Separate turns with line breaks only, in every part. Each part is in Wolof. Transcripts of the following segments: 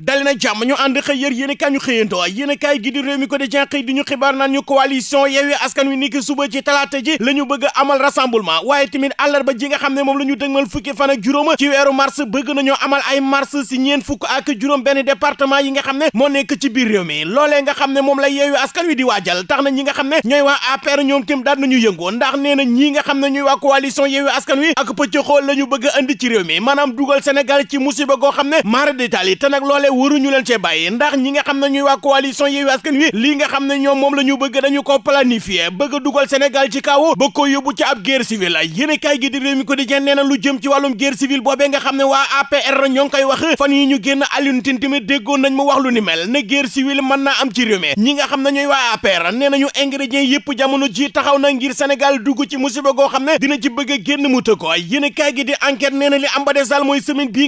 dali na jàmm ñu ànd xëy yër yéen i ñu xëyantoo yéen i kaay gi di réew mi ko di jenqëy di ñu xibaar naan ñu coalition Yewwi Askan Wi ni ci talaata ji la ñu bëgg amal rassemblement waaye tamit àllarba ji nga xam ne moom la ñu dëgmal fukki fan ak juróom ci weeru mars bëgg nañoo amal ay mars si ñeen fukk ak juróom benn département yi nga xam ne moo nekk ci biir réew mi loolee nga xam ne moom la Yewwi Askan Wi di waajal tax na ñi nga xam ne ñooy waa APR ñoom tim daan nañu yëngoo ndax nee na ñi nga xam ne ñooy waa coalition Yewwi Askan Wi ak pëccëxoo la ñu bëgg andi ci réew mi maanaam dugal Sénégal ci musiba goo xam ne mara détail te nag loolee loolee waruñu leen cee bàyyi ndax ñi nga xam na ñuy waa coalition Yewwi Askan Wi lii nga xam ne ñoom moom la ñu bëgg dañu ko planifié bëgg a dugal Sénégal ci kaw bëgg ko yóbbu ci ab guerre civile la yéene kaay gi di Rewmi Quotidien nee na lu jëm ci wàllum guerre civile boobee nga xam ne waa APR ñoo ngi koy wax fan yi ñu génn Alioune Tine tamit déggoon nañ mu am ci nga xam na ñooy waa APR nee nañu ingrédients yëpp jamono ji taxaw na ngir Sénégal dugg ci musiba goo xam ne dina ci bëgg a génn mu tëkkoo yéene kaay gi di enquête nee na li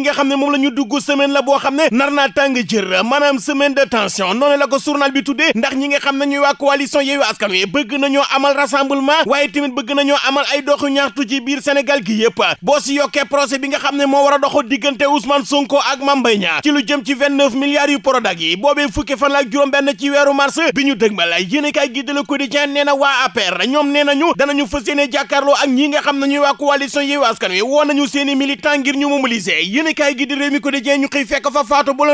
nga xam ne moom la ñu dugg semaine la boo xam ne nar tàng jër maanaam semaine de tension noonu la ko journal bi tuddee ndax ñi xam ne ñuy waa coalition Yewwi Askan Wi bëgg nañoo amal rassemblement waaye tamit bëgg nañoo amal ay doxu ñaxtu ci biir Sénégal gi yëpp boo yokkee procès bi xam ne moo war a doxo diggante Ousmane Sonko ak Mame Mbaye Niang ci lu jëm ci 29 milliards yu Prodac yi boobee fukki fan la ak benn ci weeru mars bi ñu dëgmal yéenekaay gi de Le Quotidien nee na waa APR ñoom nee ñu mobiliser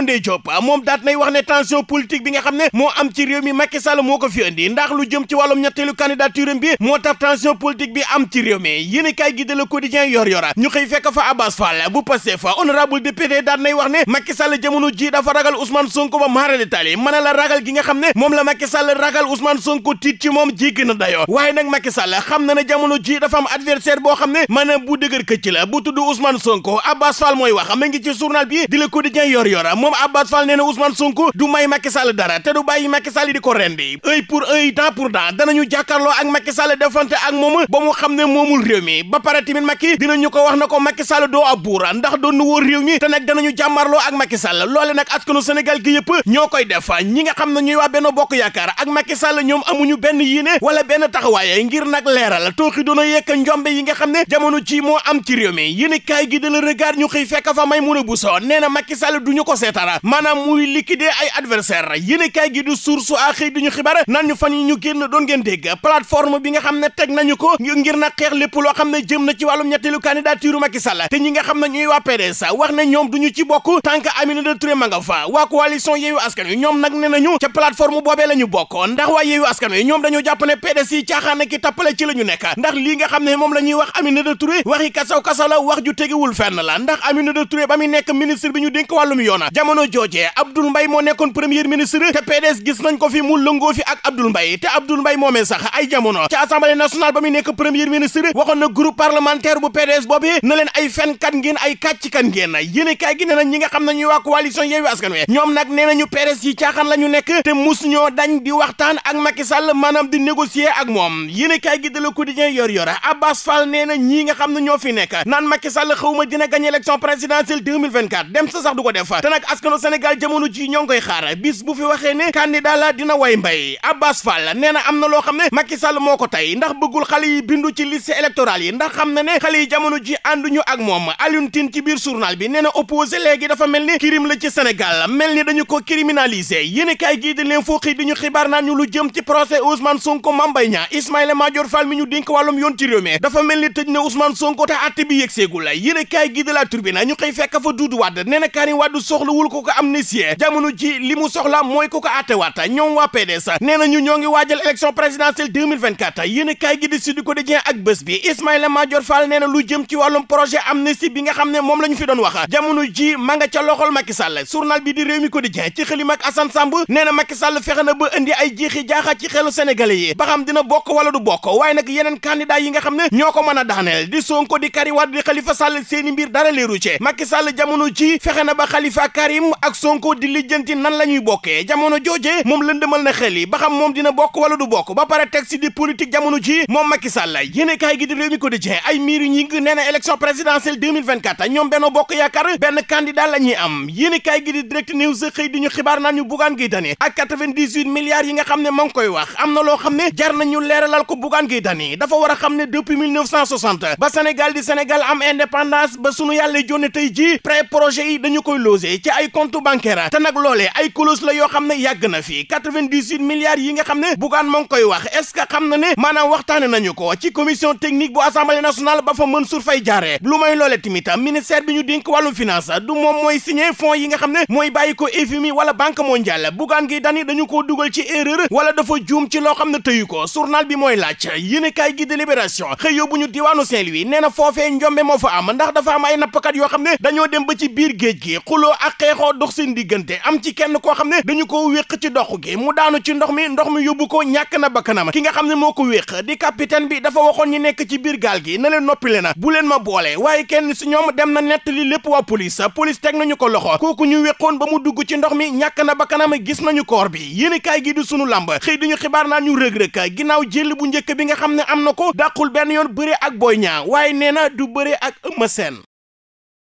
Ndeye Diop moom daat nay wax ne tension politique bi nga ne moo am ci réew mi Macky Sall moo ko fi andi ndax lu jëm ci wàllum ñetteelu candidature am bi moo tax tension politique bi am ci réew mi yéen kay gi de Le Quotidien yor yora ñu xëy fekk fa Abbas Fall bu Pastef fa honorable député daat nay wax ne Macky Sall jamono ji dafa ragal Ousmane Sonko ba maara détail yi mën a la ragal ne moom la Macky Sall na dayoo ji dafa am boo xam Abbas Fall nee na Ousmane Sonko du may Macky Sall dara te du bàyyi Macky Sall di ko rendi œil pour œil dent pour dent danañu jàkkaarloo ak Macky Sall defante ak moom ba mu xam ne moomul réew mi ba pare tamit Macky dinañu ko wax na ko Macky Sall doo ab buura ndax doon na wóor réew mi te nag danañu jàmmarloo ak Macky Sall loole nag askanu Sénégal gi yëpp ñoo koy def ñi nga xam ne ñuy waa Benno Bokk Yaakaar ak Macky Sall ñoom amuñu benn yéene wala benn taxawaaye ngir nag leeral tooxi doona yekk njombe yi nga xam ne jamono ji moo am ci réew gi de fekk fa may nee na Macky Sall duñu ko seetaan dara maanaam muy liquider ay adversaire yéene kaay gi du source a xëy di ñu xibaar naan ñu fan yi ñu génn doon ngeen dégg plateforme bi nga xam ne teg nañu ko ngir na xeex lépp loo xam ne jëm na ci wàllum ñetteelu candidature Macky Sall te ñi nga xam ne ñuy waa PDS wax ne ñoom duñu ci bokk tant que Aminata Touré ma nga fa waa coalition Yewwi Askan Wi ñoom nag ne nañu ca plateforme boobee la ñu bokk ndax waa Yewwi Askan ñoom dañoo jàpp ne PDS yi caaxaan ki tappale ci ñu nekk ndax lii nga xam ne moom la ñuy wax Aminata Touré waxi kasaw kasaw la wax ju tegewul fenn la ndax ñu dénk wàllum yoona jamono jamono joojee Abdoul Mbaye moo nekkoon premier na groupe parlementaire bu PDS boobu na leen ay fenkat ngeen ay kàcc nekk te mus ñoo dañ di waxtaan ak Macky Sall di négocier ak moom yéene kaay gi de Le Quotidien yor yor Abbas Fall nee ñii nga xam ne ñoo fi nekk naan Macky xawma dina gagner élection présidentielle dem sa sax def te nag askanu Sénégal jamono ji ñoo ngi koy xaar bis bu waxee ne candidat la dina way mbay Abbas Fall nee am na loo xam ne Macky Sall moo ko tey ndax bëggul xale yi bindu ci liste électorale yi ndax xam na ne xale yi jamono ji ànduñu ak moom Alioune Tine ci biir journal bi nee na opposé léegi dafa mel ne crime la ci Sénégal mel ni dañu ko criminalisé yéen kaay gii di leen foo xëy xibaar naan ñu lu jëm ci procès Ousmane Sonko Mame Mbaye Niang Ismaïla Madior Fall mi ñu mel ni tëj na Ousmane Sonko te àtte bi yegseegul yéen kaay gii bëggul ku ko amnistie jamono ji li soxla mooy ku ko àttewaat ñoom waa PDS nee nañu ñoo ngi waajal élection présidentielle 2024 yéen a kaay gi di Sud ak bés bi Ismaïla Madior Fall nee lu jëm ci wàllum projet amnistie bi nga xam ne moom la fi doon wax jamono ji ma loxol Macky Sall journal bi di Rewmi Quotidien ci xëlim ak Assane Samb nee na Macky Sall fexe na ba indi ay jeexi jaaxa ci xelu sénégalais yi ba dina bokk wala du bokk waaye nag Karim ak Sonko di lijjanti nan la ñuy bokkee jamono jooje moom lëndëmal na xel yi ba xam moom dina bokk wala du bokk ba pare teg si di politique jamono ji moom Macky Sall yéene kaay gi di réew mi quotidien ay miir yu ñing nee na élection présidentielle 2024 ñoom Benno Bokk Yaakaar benn candidat la am yéene kaay gi di direct news xëy di xibaar naan ñu Bougane Gueye Dany ak 98 yi nga xam ne ma ngi koy wax am na loo xam ne jar nañu leeralal ko Bougane Gueye a xam ne depuis 1960 ba Sénégal di Sénégal am indépendance ba sunu yàlla jonne tey ji pré projet yi dañu koy losé ay ay compte bancaire te nag ay clause la yoo xam ne yàgg na fii 98 milliards yi nga xam ne bugaan moo ngi koy wax est ce que xam na ne maanaam waxtaane nañu ko ci commission technique bu assemblée nationale ba fa Mansour Faye jaaree lu may loolee tamit bi ñu dénk wàllum du moom mooy signé fonds yi nga xam ne mooy bàyyi ko FMI wala banque mondiale bugaan gi dani dañu koo dugal ci erreur wala dafa juum ci loo xam ne tëyu ko journal bi mooy xeexoo dox seen diggante am ci kenn koo xam ne dañu ko wéq ci dox gi mu daanu ci ndox mi ndox mi yóbbu ko ñàkk na bakkanam ki nga xam ne moo ko wéq di capitaine bi dafa waxoon ñi nekk ci biir gaal gi na leen noppi le bu leen ma boole waaye kenn si ñoom dem na nettali lépp waa sa police teg nañu ko loxo kooku ñu wéqoon ba mu dugg ci ndox mi ñàkk na bakkanam gis nañu koor bi yéen kaay gi di sunu làmb xëy diñu xibaar naa ñu rëg-rëg ginnaaw jël bu njëkk bi nga xam ne am na ko dàqul benn yoon bëre ak Boy Niang waaye nee du bëre ak Eumeu Sène